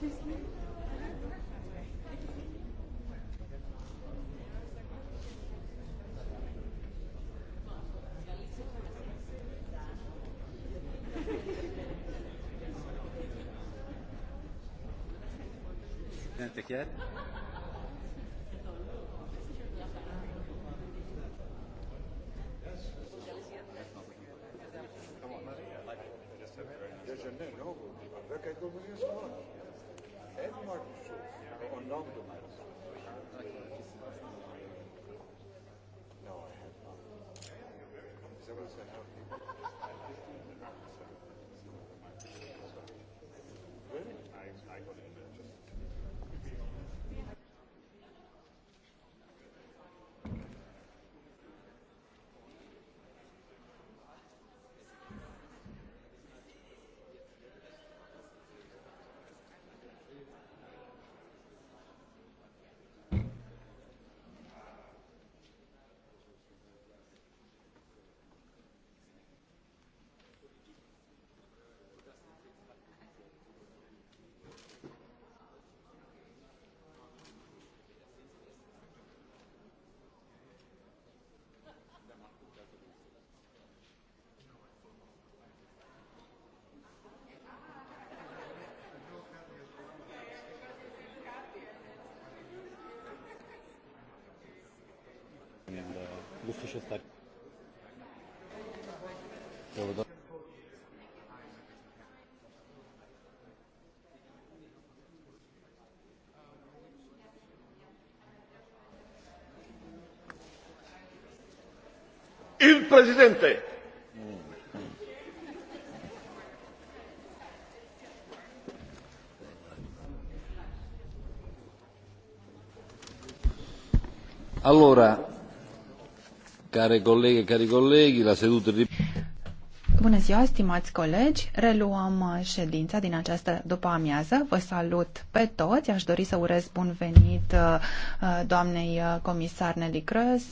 Presidente chiar. Dejeuner, no? Perché il governo Elmar Schulz och Orlando Marzio. No, I eh, și ăsta. Il presidente. Allora, care colegi, cari colegi, la sedută... Bună ziua, stimați colegi! Reluăm uh, ședința din această după-amiază. Vă salut pe toți. Aș dori să urez bun venit uh, uh, doamnei comisar Nelly Crăs,